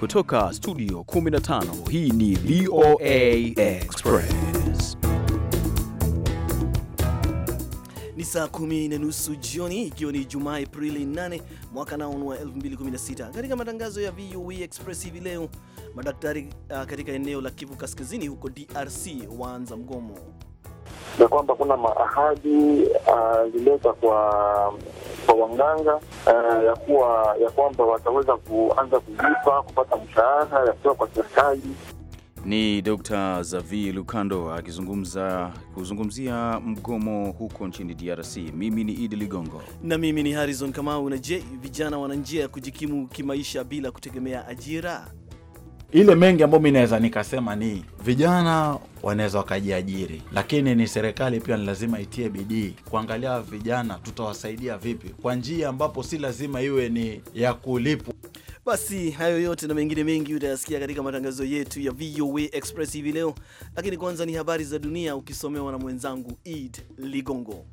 Kutoka studio 15 hii ni VOA Express. Ni saa kumi na nusu jioni ikiwa ni Jumaa Aprili 8 mwaka naonu wa 2016. Katika matangazo ya VOA Express hivi leo, madaktari uh, katika eneo la Kivu Kaskazini huko DRC waanza mgomo na kwamba kuna maahadi alileta uh, kwa kwa wanganga uh, ya kuwa ya kwamba wataweza kuanza kulipa kupata mshahara ya kutoka kwa serikali. Ni Dr. Zavi Lukando akizungumza kuzungumzia mgomo huko nchini DRC. Mimi ni Idi Ligongo na mimi ni Harrison Kamau. Na je, vijana wana njia ya kujikimu kimaisha bila kutegemea ajira? ile mengi ambayo mi naweza nikasema ni vijana wanaweza wakajiajiri, lakini ni serikali pia ni lazima itie bidii kuangalia vijana tutawasaidia vipi kwa njia ambapo si lazima iwe ni ya kulipwa. Basi hayo yote na mengine mengi utayasikia katika matangazo yetu ya VOA Express hivi leo, lakini kwanza ni habari za dunia ukisomewa na mwenzangu ed Ligongo.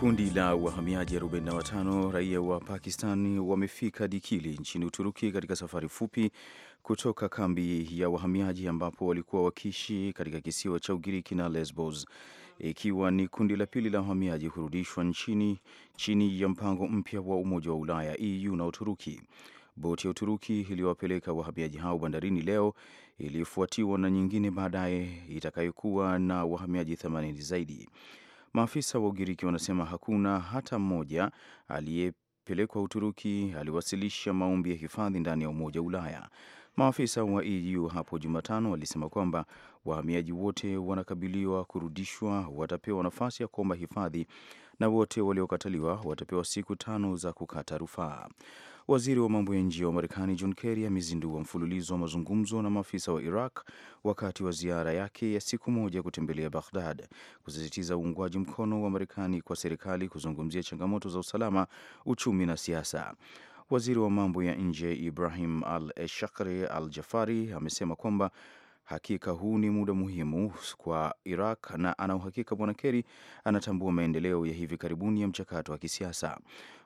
Kundi la wahamiaji 45 raia wa Pakistan wamefika Dikili nchini Uturuki katika safari fupi kutoka kambi ya wahamiaji ambapo walikuwa wakiishi katika kisiwa cha Ugiriki na Lesbos, ikiwa ni kundi la pili la wahamiaji hurudishwa nchini chini ya mpango mpya wa Umoja wa Ulaya EU na Uturuki. Boti ya Uturuki iliyowapeleka wahamiaji hao bandarini leo ilifuatiwa na nyingine baadaye itakayokuwa na wahamiaji 80 zaidi. Maafisa wa Ugiriki wanasema hakuna hata mmoja aliyepelekwa Uturuki aliwasilisha maombi ya hifadhi ndani ya Umoja wa Ulaya. Maafisa wa EU hapo Jumatano walisema kwamba wahamiaji wote wanakabiliwa kurudishwa, watapewa nafasi ya kuomba hifadhi na wote waliokataliwa watapewa siku tano za kukata rufaa. Waziri wa mambo ya nje wa Marekani John Kerry amezindua mfululizo wa mazungumzo na maafisa wa Iraq wakati wa ziara yake ya siku moja kutembelea Baghdad, kusisitiza uungwaji mkono wa Marekani kwa serikali kuzungumzia changamoto za usalama, uchumi na siasa. Waziri wa mambo ya nje Ibrahim Al Eshakri Al Jafari amesema kwamba Hakika huu ni muda muhimu kwa Iraq na uhakika Bwana Kerry anatambua maendeleo ya hivi karibuni ya mchakato wa kisiasa.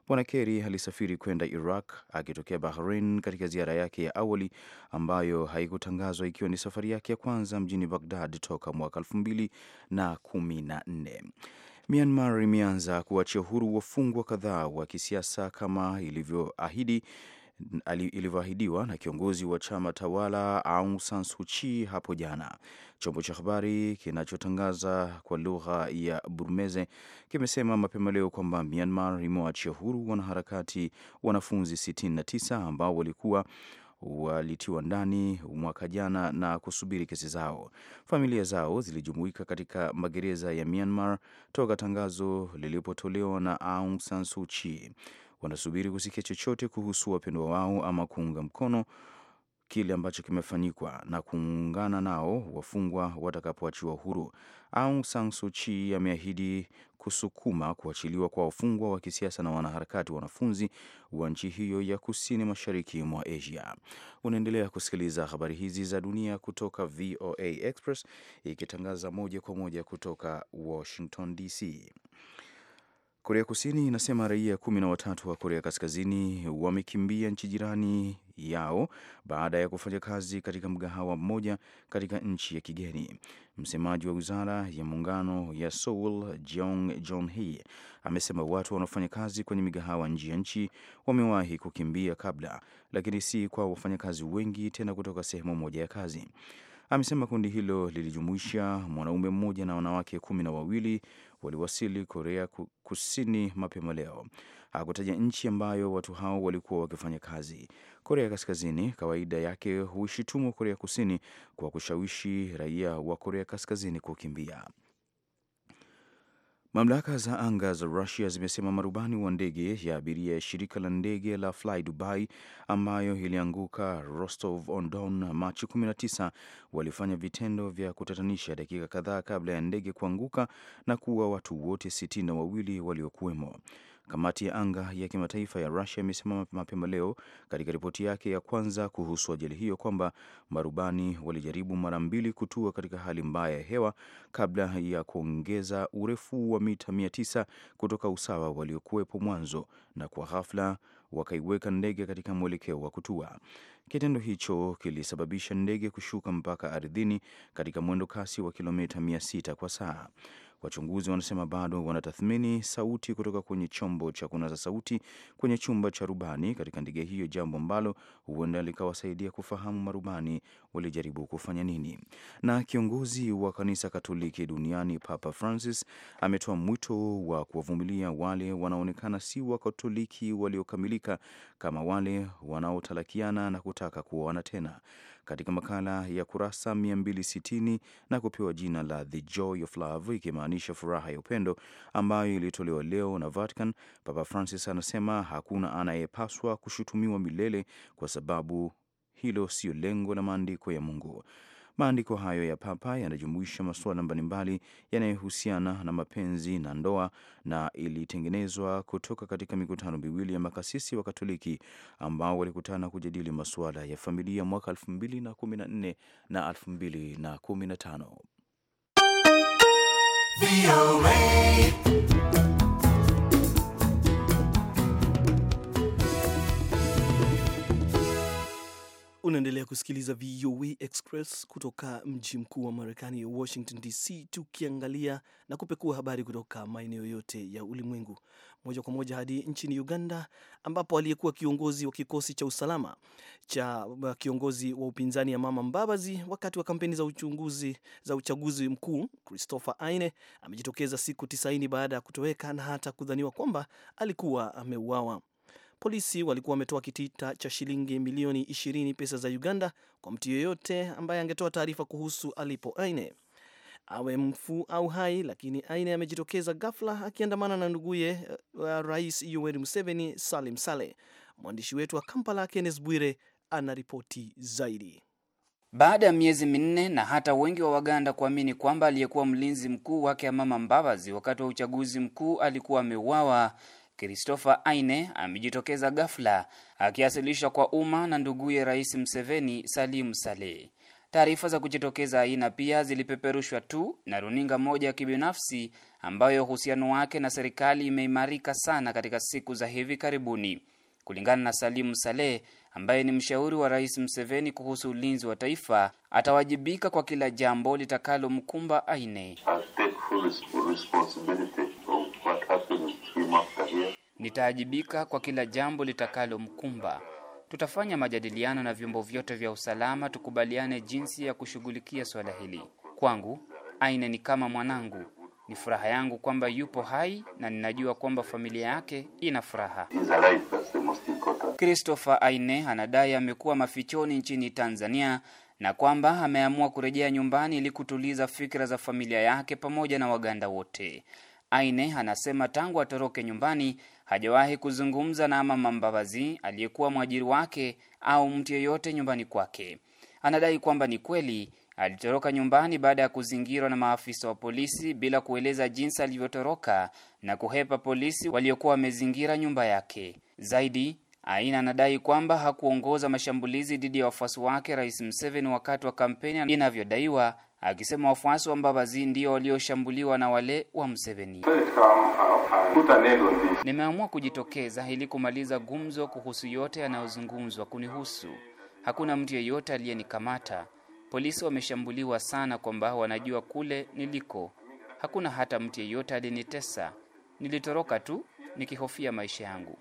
Bwana Kerry alisafiri kwenda Iraq akitokea Bahrain katika ziara yake ya awali ambayo haikutangazwa ikiwa ni safari yake ya kwanza mjini Baghdad toka mwaka na na kumi nne Myanmar imeanza kuachia huru wafungwa kadhaa wa kisiasa kama ilivyoahidi ilivyoahidiwa na kiongozi wa chama tawala Aung San Suu Kyi hapo jana. Chombo cha habari kinachotangaza kwa lugha ya Burmese kimesema mapema leo kwamba Myanmar imewaachia huru wanaharakati wanafunzi 69 ambao walikuwa walitiwa ndani mwaka jana na kusubiri kesi zao. Familia zao zilijumuika katika magereza ya Myanmar toka tangazo lilipotolewa na Aung San Suu Kyi wanasubiri kusikia chochote kuhusu wapendwa wao ama kuunga mkono kile ambacho kimefanyikwa na kuungana nao wafungwa watakapoachiwa huru. Aung San Suu Kyi ameahidi kusukuma kuachiliwa kwa wafungwa wa kisiasa na wanaharakati wanafunzi wa nchi hiyo ya kusini mashariki mwa Asia. Unaendelea kusikiliza habari hizi za dunia kutoka VOA Express ikitangaza moja kwa moja kutoka Washington DC. Korea Kusini inasema raia kumi na watatu wa Korea Kaskazini wamekimbia nchi jirani yao baada ya kufanya kazi katika mgahawa mmoja katika nchi ya kigeni. Msemaji wa wizara ya muungano ya Seoul, Jong Jon-hee, amesema watu wanaofanya kazi kwenye migahawa nje ya nchi wamewahi kukimbia kabla, lakini si kwa wafanyakazi wengi tena kutoka sehemu moja ya kazi. Amesema kundi hilo lilijumuisha mwanaume mmoja na wanawake kumi na wawili waliwasili Korea Kusini mapema leo. Hakutaja nchi ambayo watu hao walikuwa wakifanya kazi. Korea Kaskazini kawaida yake huishitumu Korea Kusini kwa kushawishi raia wa Korea Kaskazini kukimbia. Mamlaka za anga za Russia zimesema marubani wa ndege ya abiria ya shirika la ndege la Fly Dubai ambayo ilianguka Rostov on Don Machi 19 walifanya vitendo vya kutatanisha dakika kadhaa kabla ya ndege kuanguka na kuua watu wote sitini na wawili waliokuwemo. Kamati ya anga ya kimataifa ya Rusia imesema mapema leo katika ripoti yake ya kwanza kuhusu ajali hiyo kwamba marubani walijaribu mara mbili kutua katika hali mbaya ya hewa kabla ya kuongeza urefu wa mita 900 kutoka usawa waliokuwepo mwanzo, na kwa ghafla wakaiweka ndege katika mwelekeo wa kutua. Kitendo hicho kilisababisha ndege kushuka mpaka ardhini katika mwendo kasi wa kilomita 600 kwa saa. Wachunguzi wanasema bado wanatathmini sauti kutoka kwenye chombo cha kunasa sauti kwenye chumba cha rubani katika ndege hiyo, jambo ambalo huenda likawasaidia kufahamu marubani walijaribu kufanya nini. Na kiongozi wa kanisa Katoliki duniani Papa Francis ametoa mwito wa kuwavumilia wale wanaonekana si Wakatoliki waliokamilika kama wale wanaotalakiana na kutaka kuoana tena, katika makala ya kurasa 260 na kupewa jina la The Joy of Love, ikimaanisha furaha ya upendo, ambayo ilitolewa leo na Vatican. Papa Francis anasema hakuna anayepaswa kushutumiwa milele kwa sababu hilo siyo lengo la maandiko ya Mungu. Maandiko hayo ya Papa yanajumuisha masuala mbalimbali yanayohusiana na mapenzi na ndoa, na ilitengenezwa kutoka katika mikutano miwili ya makasisi wa Katoliki ambao walikutana kujadili masuala ya familia mwaka 2014 na 2015. Unaendelea kusikiliza VOA Express kutoka mji mkuu wa Marekani, Washington DC, tukiangalia na kupekua habari kutoka maeneo yote ya ulimwengu, moja kwa moja hadi nchini Uganda, ambapo aliyekuwa kiongozi wa kikosi cha usalama cha uh, kiongozi wa upinzani ya Mama Mbabazi wakati wa kampeni za uchunguzi za uchaguzi mkuu Christopher Aine amejitokeza siku tisaini baada ya kutoweka na hata kudhaniwa kwamba alikuwa ameuawa. Polisi walikuwa wametoa kitita cha shilingi milioni 20 pesa za Uganda kwa mtu yeyote ambaye angetoa taarifa kuhusu alipo Aine, awe mfu au hai. Lakini Aine amejitokeza ghafla akiandamana na nduguye eh, Rais Yoweri Museveni, Salim Saleh. Mwandishi wetu wa Kampala Kennes Bwire ana ripoti zaidi. Baada ya miezi minne na hata wengi wa Waganda kuamini kwamba aliyekuwa mlinzi mkuu wake Amama Mbabazi wakati wa uchaguzi mkuu alikuwa ameuawa, Christopher Aine amejitokeza ghafla akiasilisha kwa umma na nduguye Rais Mseveni Salim Saleh. Taarifa za kujitokeza Aina pia zilipeperushwa tu na runinga moja ya kibinafsi ambayo uhusiano wake na serikali imeimarika sana katika siku za hivi karibuni. Kulingana na Salim Saleh ambaye ni mshauri wa Rais Mseveni kuhusu ulinzi wa taifa, atawajibika kwa kila jambo litakalomkumba Aine. Nitaajibika kwa kila jambo litakalomkumba. Tutafanya majadiliano na vyombo vyote vya usalama tukubaliane jinsi ya kushughulikia swala hili. Kwangu Aine ni kama mwanangu. Ni furaha yangu kwamba yupo hai na ninajua kwamba familia yake ina furaha. Christopher Aine anadai amekuwa mafichoni nchini Tanzania na kwamba ameamua kurejea nyumbani ili kutuliza fikra za familia yake pamoja na Waganda wote. Aine anasema tangu atoroke nyumbani hajawahi kuzungumza na Mama Mbabazi aliyekuwa mwajiri wake au mtu yeyote nyumbani kwake. Anadai kwamba ni kweli alitoroka nyumbani baada ya kuzingirwa na maafisa wa polisi bila kueleza jinsi alivyotoroka na kuhepa polisi waliokuwa wamezingira nyumba yake. Zaidi, Aina anadai kwamba hakuongoza mashambulizi dhidi ya wafuasi wake Rais Museveni wakati wa kampeni inavyodaiwa akisema wafuasi wa Mbabazi ndio walioshambuliwa na wale wa Mseveni. Nimeamua kujitokeza ili kumaliza gumzo kuhusu yote yanayozungumzwa kunihusu. Hakuna mtu yeyote aliyenikamata. Polisi wameshambuliwa sana kwamba wanajua kule niliko. Hakuna hata mtu yeyote aliyenitesa. Nilitoroka tu nikihofia maisha yangu.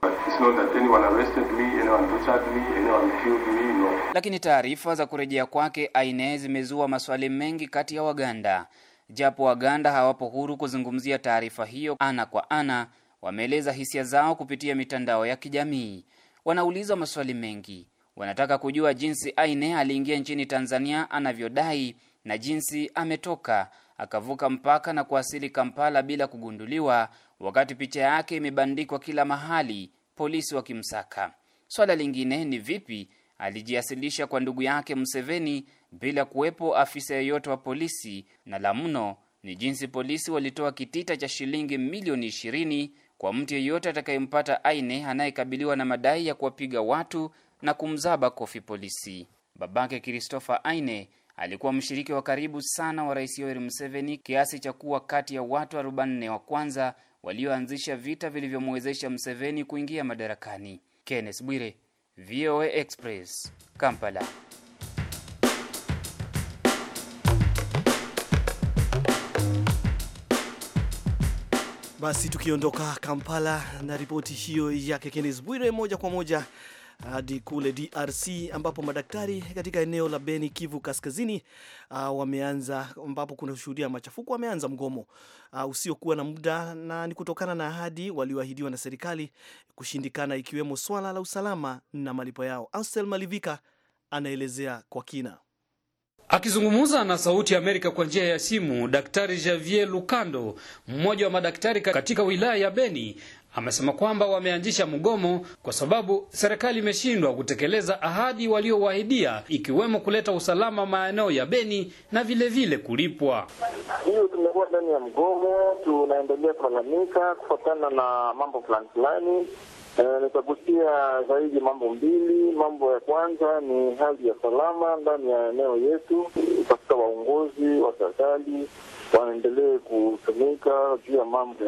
Lakini taarifa za kurejea kwake Aine zimezua maswali mengi kati ya Waganda. Japo Waganda hawapo huru kuzungumzia taarifa hiyo ana kwa ana, wameeleza hisia zao kupitia mitandao ya kijamii. Wanauliza maswali mengi, wanataka kujua jinsi Aine aliingia nchini Tanzania anavyodai na jinsi ametoka akavuka mpaka na kuwasili Kampala bila kugunduliwa wakati picha yake imebandikwa kila mahali, polisi wakimsaka. Swala lingine ni vipi alijiasilisha kwa ndugu yake Museveni bila kuwepo afisa yeyote wa polisi, na la mno ni jinsi polisi walitoa kitita cha shilingi milioni ishirini kwa mtu yeyote atakayempata Aine anayekabiliwa na madai ya kuwapiga watu na kumzaba kofi polisi. Babake Christopher Aine alikuwa mshiriki wa karibu sana wa Rais Yoweri Museveni kiasi cha kuwa kati ya watu 44 wa kwanza walioanzisha vita vilivyomwezesha Mseveni kuingia madarakani. Kenneth Bwire, VOA Express, Kampala. Basi tukiondoka Kampala na ripoti hiyo yake Kenneth Bwire, moja kwa moja hadi kule DRC ambapo madaktari katika eneo la Beni, Kivu Kaskazini, uh, wameanza ambapo kuna shuhudia machafuko, wameanza mgomo uh, usiokuwa na muda, na ni kutokana na ahadi walioahidiwa na serikali kushindikana, ikiwemo swala la usalama na malipo yao. Ansel Malivika anaelezea kwa kina. Akizungumza na Sauti ya Amerika kwa njia ya simu, Daktari Javier Lukando, mmoja wa madaktari katika wilaya ya Beni, amesema kwamba wameanzisha mgomo kwa sababu serikali imeshindwa kutekeleza ahadi waliowahidia ikiwemo kuleta usalama maeneo ya Beni na vilevile vile kulipwa. Hiyo tumekuwa ndani ya mgomo, tunaendelea kulalamika kufuatana na mambo fulani fulani. E, nitagusia zaidi mambo mbili. Mambo ya kwanza ni hali ya salama ndani ya eneo yetu katika waongozi wa serikali waendelee kusemeka juu ya mambo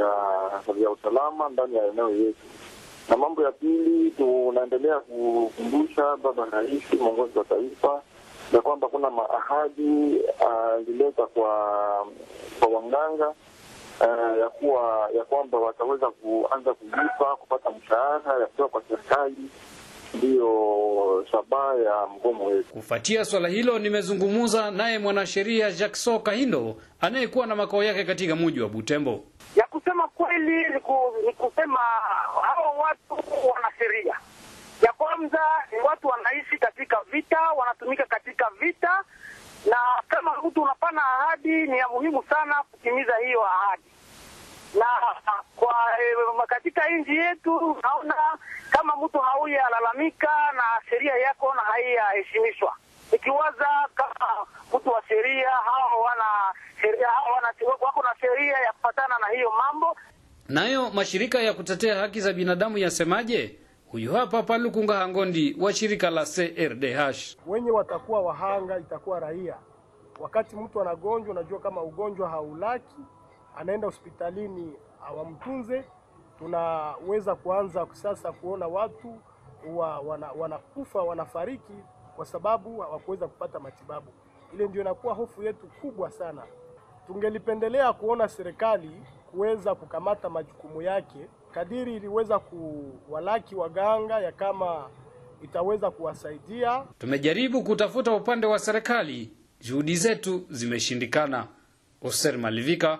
ya usalama ndani ya eneo yetu. Na mambo ya pili, tunaendelea kukumbusha baba rais, mwongozi wa taifa, ya kwamba kuna maahadi ah, alileta kwa kwa wanganga eh, ya kuwa ya kwamba wataweza kuanza kulipa kupata mshahara ya kutoka kwa serikali ndiyo shabaha ya mgomo wetu. Kufuatia swala hilo, nimezungumza naye mwanasheria Jackson Kahindo anayekuwa na makao yake katika mji wa Butembo. Ya kusema kweli ni kusema hao watu wanasheria ya kwanza ni watu wanaishi katika vita, wanatumika katika vita, na kama mtu unapana ahadi, ni ya muhimu sana kutimiza hiyo ahadi na kwa eh, katika nchi yetu naona kama mtu hauya alalamika na sheria yako na haiyaheshimishwa. ikiwaza kama mtu wa sheria hao wana sheria hao wana wako na sheria ya kupatana na hiyo mambo. Nayo mashirika ya kutetea haki za binadamu yasemaje? Huyu hapa Palukunga Hangondi wa shirika la CRDH. Wenye watakuwa wahanga itakuwa raia. Wakati mtu anagonjwa, unajua kama ugonjwa haulaki anaenda hospitalini awamtunze, tunaweza kuanza sasa kuona watu wa, wana, wanakufa wanafariki kwa sababu hawakuweza kupata matibabu. Ile ndio inakuwa hofu yetu kubwa sana. Tungelipendelea kuona serikali kuweza kukamata majukumu yake kadiri iliweza kuwalaki waganga ya kama itaweza kuwasaidia. Tumejaribu kutafuta upande wa serikali, juhudi zetu zimeshindikana. Oser Malivika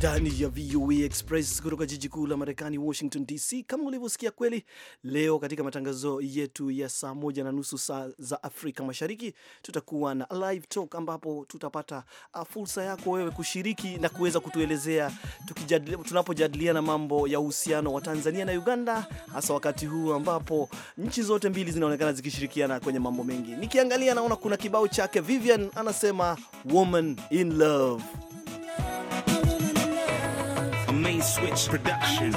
ndani ya VOA e Express kutoka jiji kuu la Marekani, Washington DC. Kama ulivyosikia kweli, leo katika matangazo yetu ya saa moja na nusu saa za Afrika Mashariki tutakuwa na live talk, ambapo tutapata uh, fursa yako wewe kushiriki na kuweza kutuelezea tunapojadiliana mambo ya uhusiano wa Tanzania na Uganda, hasa wakati huu ambapo nchi zote mbili zinaonekana zikishirikiana kwenye mambo mengi. Nikiangalia naona kuna kibao chake Vivian anasema woman in love. Main Switch Productions.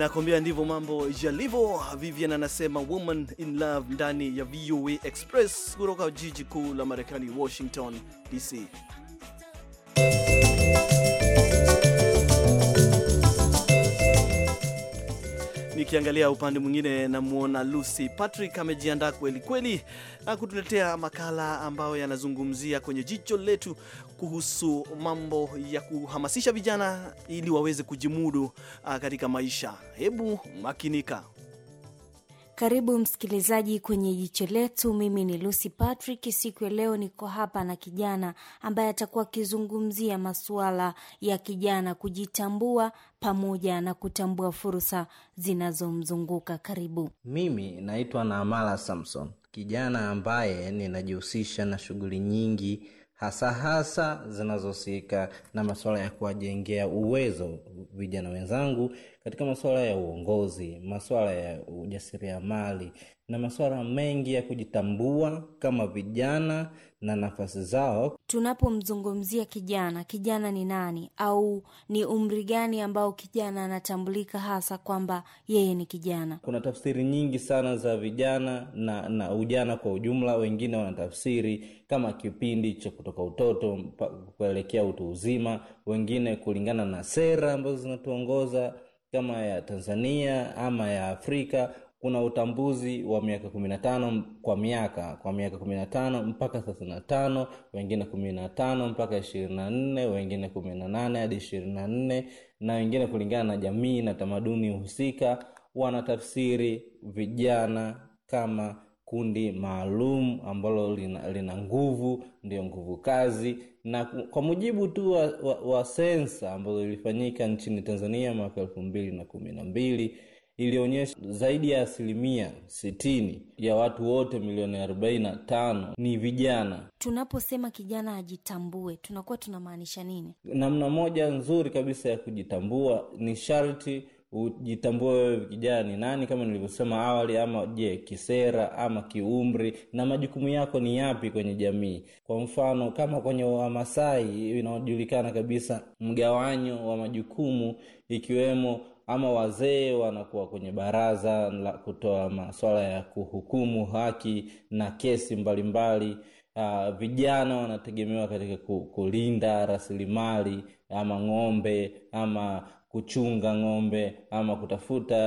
Nakwambia ndivyo mambo yalivyo. Vivian anasema woman in love ndani ya VOA Express kutoka jiji kuu la Marekani, Washington DC. Nikiangalia upande mwingine, namwona Lucy Patrick amejiandaa kweli kweli kutuletea makala ambayo yanazungumzia kwenye jicho letu kuhusu mambo ya kuhamasisha vijana ili waweze kujimudu ah, katika maisha. Hebu makinika. Karibu msikilizaji kwenye jicho letu. Mimi ni Lucy Patrick. Siku ya leo niko hapa na kijana ambaye atakuwa akizungumzia masuala ya kijana kujitambua pamoja na kutambua fursa zinazomzunguka. Karibu. Mimi naitwa Naamala Samson, kijana ambaye ninajihusisha na shughuli nyingi hasa hasa zinazohusika na masuala ya kuwajengea uwezo vijana wenzangu katika masuala ya uongozi, masuala ya ujasiriamali na masuala mengi ya kujitambua kama vijana na nafasi zao. Tunapomzungumzia kijana, kijana ni nani au ni umri gani ambao kijana anatambulika hasa kwamba yeye ni kijana? Kuna tafsiri nyingi sana za vijana na, na ujana kwa ujumla. Wengine wanatafsiri kama kipindi cha kutoka utoto kuelekea utu uzima, wengine kulingana na sera ambazo zinatuongoza kama ya Tanzania ama ya Afrika kuna utambuzi wa miaka kumi na tano kwa miaka kwa miaka kumi na tano mpaka thelathini na tano wengine kumi na tano mpaka ishirini na nne wengine kumi na nane hadi ishirini na nne na wengine kulingana na jamii na tamaduni husika wanatafsiri vijana kama kundi maalum ambalo lina, lina nguvu ndiyo nguvu kazi na kwa mujibu tu wa, wa, wa sensa ambazo ilifanyika nchini tanzania mwaka elfu mbili na kumi na mbili ilionyesha zaidi ya asilimia sitini ya watu wote milioni arobaini na tano ni vijana. Tunaposema kijana ajitambue, tunakuwa tunamaanisha nini? Namna moja nzuri kabisa ya kujitambua ni sharti ujitambue wewe kijana ni nani, kama nilivyosema awali, ama je, kisera ama kiumri, na majukumu yako ni yapi kwenye jamii. Kwa mfano kama kwenye Wamasai inaojulikana kabisa mgawanyo wa majukumu, ikiwemo ama wazee wanakuwa kwenye baraza la kutoa masuala ya kuhukumu haki na kesi mbalimbali mbali. Uh, vijana wanategemewa katika kulinda rasilimali ama ng'ombe ama kuchunga ng'ombe ama kutafuta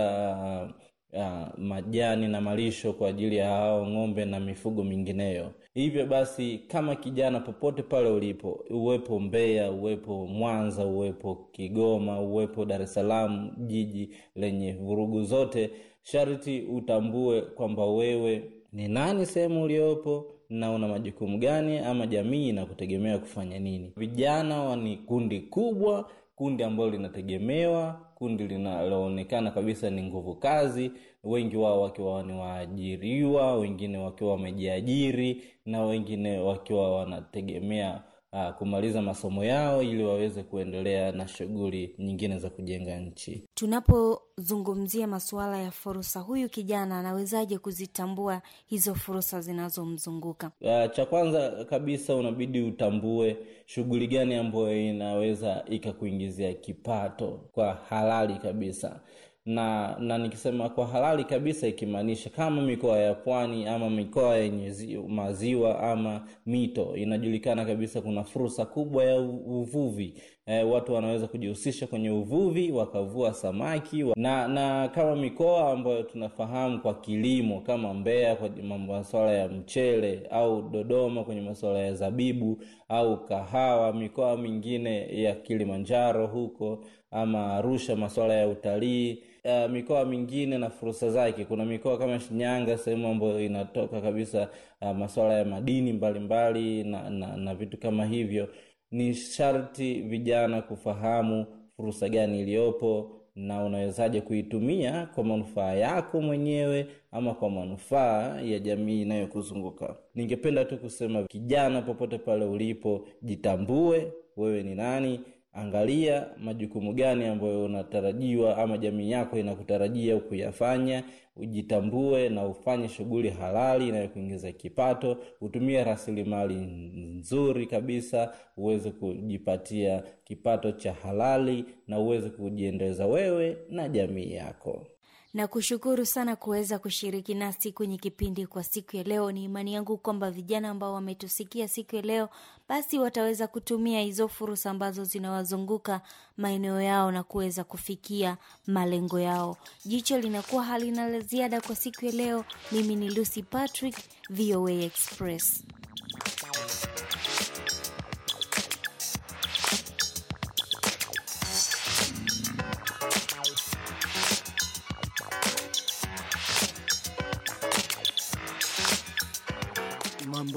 uh, uh, majani na malisho kwa ajili ya hao ng'ombe na mifugo mingineyo Hivyo basi kama kijana popote pale ulipo, uwepo Mbeya, uwepo Mwanza, uwepo Kigoma, uwepo Dar es Salaam, jiji lenye vurugu zote, sharti utambue kwamba wewe ni nani sehemu uliopo na una majukumu gani, ama jamii inakutegemea kufanya nini. Vijana ni kundi kubwa, kundi ambalo linategemewa, kundi linaloonekana kabisa ni nguvu kazi wengi wao wakiwa ni waajiriwa, wengine wakiwa wamejiajiri na wengine wakiwa wanategemea uh, kumaliza masomo yao ili waweze kuendelea na shughuli nyingine za kujenga nchi. Tunapozungumzia masuala ya fursa, huyu kijana anawezaje kuzitambua hizo fursa zinazomzunguka? Uh, cha kwanza kabisa unabidi utambue shughuli gani ambayo inaweza ikakuingizia kipato kwa halali kabisa na na nikisema kwa halali kabisa ikimaanisha kama mikoa ya pwani ama mikoa yenye maziwa ama mito inajulikana kabisa kuna fursa kubwa ya uvuvi e, watu wanaweza kujihusisha kwenye uvuvi wakavua samaki wa... na na kama mikoa ambayo tunafahamu kwa kilimo kama mbea kwa masuala ya mchele au dodoma kwenye masuala ya zabibu au kahawa mikoa mingine ya kilimanjaro huko ama arusha masuala ya utalii uh, mikoa mingine na fursa zake. Kuna mikoa kama Shinyanga, sehemu ambayo inatoka kabisa uh, masuala ya madini mbalimbali mbali, na, na, na vitu kama hivyo. Ni sharti vijana kufahamu fursa gani iliyopo na unawezaje kuitumia kwa manufaa yako mwenyewe ama kwa manufaa ya jamii inayokuzunguka. Ningependa tu kusema kijana, popote pale ulipo, jitambue wewe ni nani angalia majukumu gani ambayo unatarajiwa ama jamii yako inakutarajia kuyafanya, ujitambue na ufanye shughuli halali inayokuingiza kipato, utumie rasilimali nzuri kabisa, uweze kujipatia kipato cha halali na uweze kujiendeleza wewe na jamii yako na kushukuru sana kuweza kushiriki nasi kwenye kipindi kwa siku ya leo. Ni imani yangu kwamba vijana ambao wametusikia siku ya leo, basi wataweza kutumia hizo fursa ambazo zinawazunguka maeneo yao na kuweza kufikia malengo yao. Jicho linakuwa halina la ziada kwa siku ya leo. Mimi ni Lucy Patrick, VOA Express.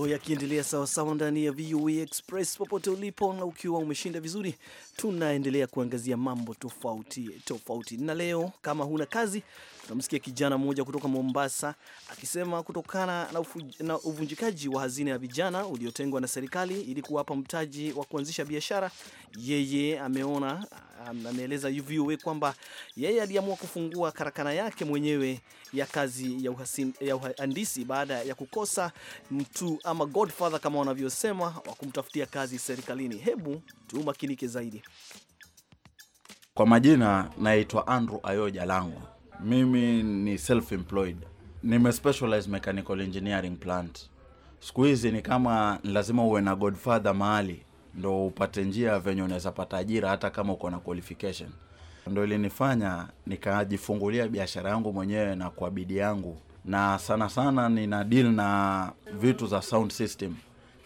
mambo yakiendelea sawasawa ndani ya VOA Express popote ulipo, na ukiwa umeshinda vizuri, tunaendelea kuangazia mambo tofauti tofauti. Na leo kama huna kazi, Tunamsikia kijana mmoja kutoka Mombasa akisema kutokana na, na uvunjikaji wa hazina ya vijana uliotengwa na serikali ili kuwapa mtaji wa kuanzisha biashara, yeye ameona ameeleza VOA kwamba yeye aliamua kufungua karakana yake mwenyewe ya kazi ya, uhasin, ya uhandisi baada ya kukosa mtu ama godfather kama wanavyosema wa kumtafutia kazi serikalini. Hebu tumakinike zaidi. Kwa majina naitwa Andrew Ayoja Langwa. Mimi ni self employed, nime specialize mechanical engineering plant. Siku hizi ni kama lazima uwe na godfather mahali ndo upate njia venye unaweza pata ajira hata kama uko na qualification. Ndo ilinifanya nikajifungulia biashara yangu mwenyewe na kwa bidii yangu, na sana sana nina deal na vitu za sound system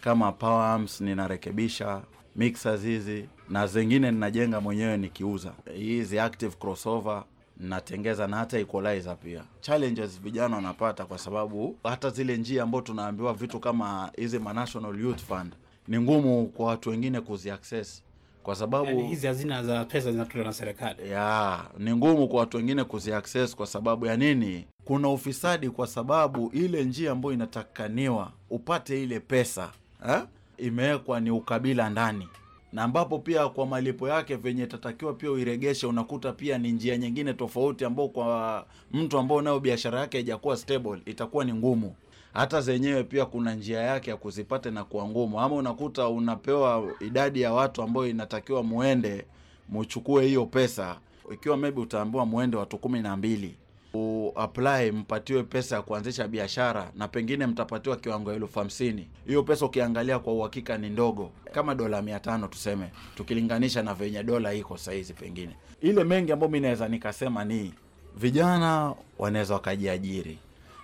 kama power amps, ninarekebisha mixers hizi na zingine ninajenga mwenyewe nikiuza. Hizi active crossover natengeza na hata equalizer pia. Challenges vijana wanapata kwa sababu hata zile njia ambazo tunaambiwa vitu kama hizi ma National Youth Fund ni ngumu kwa watu wengine kuziaccess kwa sababu hizi hazina za pesa zinatolewa na serikali. Ya, ni ngumu kwa watu wengine kuziaccess kwa sababu ya nini? Kuna ufisadi kwa sababu ile njia ambayo inatakaniwa upate ile pesa, eh, imewekwa ni ukabila ndani na ambapo pia kwa malipo yake venye tatakiwa pia uiregeshe, unakuta pia ni njia nyingine tofauti, ambao kwa mtu ambao nayo biashara yake haijakuwa stable itakuwa ni ngumu hata zenyewe pia kuna njia yake ya kuzipata na kuwa ngumu, ama unakuta unapewa idadi ya watu ambao inatakiwa muende muchukue hiyo pesa, ikiwa maybe utaambiwa muende watu kumi na mbili uapply mpatiwe pesa ya kuanzisha biashara na pengine mtapatiwa kiwango ya elfu hamsini. Hiyo pesa ukiangalia kwa uhakika ni ndogo, kama dola mia tano tuseme, tukilinganisha na venye dola iko sahizi. Pengine ile mengi ambayo mi naweza nikasema ni vijana wanaweza wakajiajiri,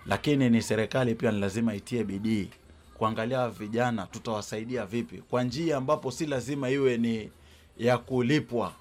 lakini ni serikali pia ni lazima itie bidii kuangalia vijana tutawasaidia vipi kwa njia ambapo si lazima iwe ni ya kulipwa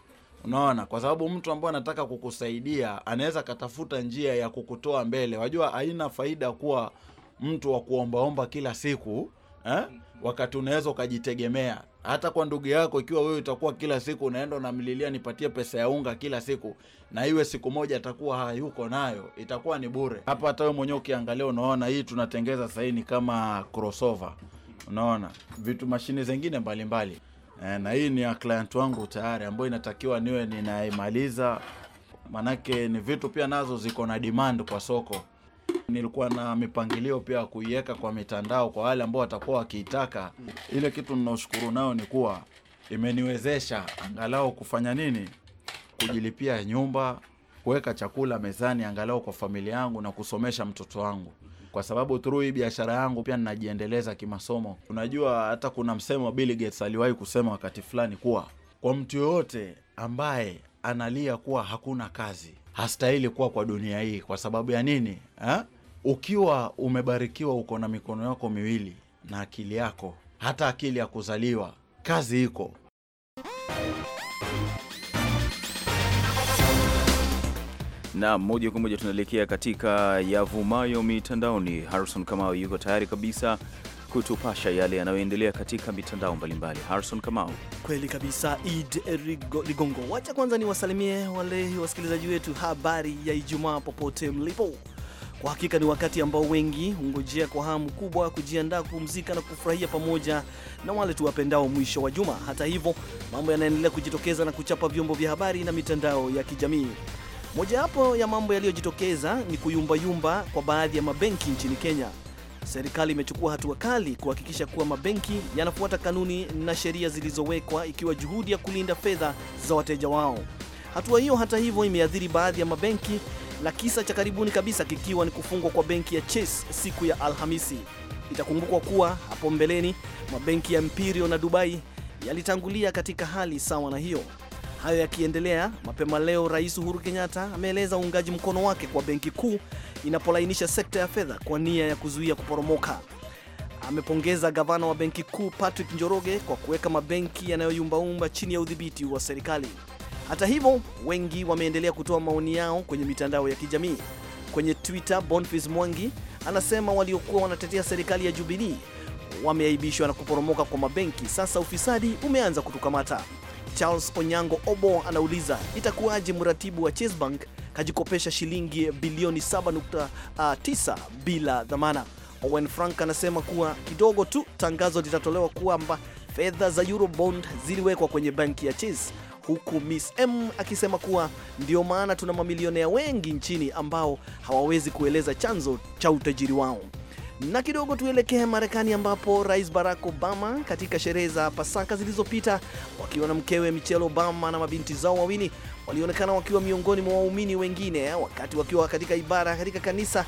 Unaona, kwa sababu mtu ambaye anataka kukusaidia anaweza katafuta njia ya kukutoa mbele. Wajua haina faida kuwa mtu wa kuombaomba kila siku eh? Wakati unaweza ukajitegemea hata kwa ndugu yako. Ikiwa wewe utakuwa kila siku unaenda unamlilia, nipatie pesa ya unga kila siku, na iwe siku moja atakuwa hayuko nayo, itakuwa ni bure. Hapa hata wewe mwenyewe ukiangalia, unaona hii tunatengeza sasa, ni kama crossover, unaona vitu mashine zingine mbalimbali mbali e, na hii ni ya client wangu tayari ambayo inatakiwa niwe ninaimaliza, manake ni vitu pia nazo ziko na demand kwa soko. Nilikuwa na mipangilio pia kuiweka kwa mitandao kwa wale ambao watakuwa wakiitaka. Ile kitu ninaoshukuru nayo ni kuwa imeniwezesha angalau kufanya nini, kujilipia nyumba, kuweka chakula mezani angalau kwa familia yangu na kusomesha mtoto wangu kwa sababu through hii biashara yangu pia ninajiendeleza kimasomo. Unajua hata kuna msemo Bill Gates aliwahi kusema wakati fulani kuwa kwa mtu yoyote ambaye analia kuwa hakuna kazi hastahili kuwa kwa dunia hii. Kwa sababu ya nini ha? Ukiwa umebarikiwa uko na mikono yako miwili na akili yako, hata akili ya kuzaliwa, kazi iko. Na moja kwa moja tunaelekea katika yavumayo mitandaoni. Harrison Kamau yuko tayari kabisa kutupasha yale yanayoendelea katika mitandao mbalimbali. Harrison Kamau. Kweli kabisa, Id Ligongo. Wacha kwanza niwasalimie wale wasikilizaji wetu, habari ya Ijumaa popote mlipo. Kwa hakika ni wakati ambao wengi hungojea kwa hamu kubwa kujiandaa kupumzika na kufurahia pamoja na wale tuwapendao mwisho wa juma. Hata hivyo, mambo yanaendelea kujitokeza na kuchapa vyombo vya habari na mitandao ya kijamii. Mojawapo ya mambo yaliyojitokeza ni kuyumbayumba kwa baadhi ya mabenki nchini Kenya. Serikali imechukua hatua kali kuhakikisha kuwa mabenki yanafuata kanuni na sheria zilizowekwa, ikiwa juhudi ya kulinda fedha za wateja wao. Hatua hiyo hata hivyo imeathiri baadhi ya mabenki, na kisa cha karibuni kabisa kikiwa ni kufungwa kwa benki ya Chase siku ya Alhamisi. Itakumbukwa kuwa hapo mbeleni mabenki ya Imperial na Dubai yalitangulia katika hali sawa na hiyo. Hayo yakiendelea, mapema leo Rais Uhuru Kenyatta ameeleza uungaji mkono wake kwa benki kuu inapolainisha sekta ya fedha kwa nia ya kuzuia kuporomoka. Amepongeza gavana wa benki kuu Patrick Njoroge kwa kuweka mabenki yanayoyumbaumba chini ya udhibiti wa serikali. Hata hivyo, wengi wameendelea kutoa maoni yao kwenye mitandao ya kijamii. Kwenye Twitter, Boniface Mwangi anasema waliokuwa wanatetea serikali ya Jubilee wameaibishwa na kuporomoka kwa mabenki, sasa ufisadi umeanza kutukamata. Charles Onyango Obo anauliza itakuwaje mratibu wa Chase Bank kajikopesha shilingi bilioni 7.9 bila dhamana. Owen Frank anasema kuwa kidogo tu tangazo litatolewa kwamba fedha za Eurobond ziliwekwa kwenye banki ya Chase, huku Miss M akisema kuwa ndio maana tuna mamilionea wengi nchini ambao hawawezi kueleza chanzo cha utajiri wao. Na kidogo tuelekee Marekani ambapo Rais Barack Obama katika sherehe za Pasaka zilizopita wakiwa na mkewe Michelle Obama na mabinti zao wawili walionekana wakiwa miongoni mwa waumini wengine wakati wakiwa katika ibada katika kanisa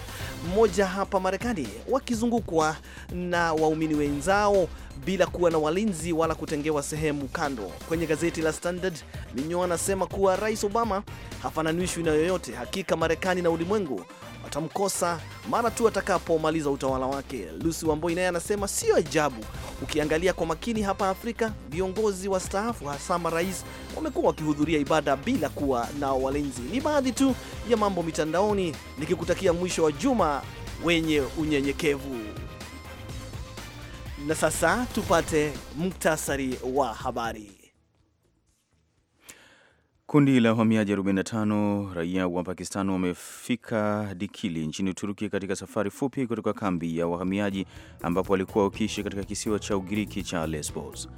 moja hapa Marekani, wakizungukwa na waumini wenzao bila kuwa na walinzi wala kutengewa sehemu kando. Kwenye gazeti la Standard, Minyo anasema kuwa Rais Obama hafananishwi na yoyote. Hakika Marekani na ulimwengu watamkosa mara tu atakapomaliza utawala wake. Lucy Wamboi naye anasema sio ajabu, ukiangalia kwa makini hapa Afrika viongozi wastaafu, hasa marais, wamekuwa wakihudhuria ibada bila kuwa na walinzi. Ni baadhi tu ya mambo mitandaoni, nikikutakia mwisho wa juma wenye unyenyekevu. Na sasa tupate muktasari wa habari. Kundi la wahamiaji 45 raia wa Pakistan wamefika Dikili nchini Uturuki katika safari fupi kutoka kambi ya wahamiaji ambapo walikuwa wakiishi katika kisiwa cha Ugiriki cha Lesbos.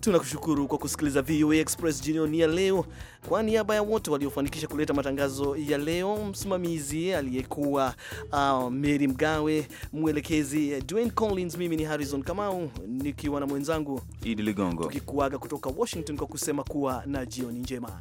Tunakushukuru kwa kusikiliza VOA Express jioni ya leo. Kwa niaba ya wote waliofanikisha kuleta matangazo ya leo, msimamizi aliyekuwa uh, Mary Mgawe, mwelekezi eh, Dwayne Collins, mimi ni Harrison Kamau nikiwa na mwenzangu Idi Ligongo, tukikuaga kutoka Washington kwa kusema kuwa na jioni njema.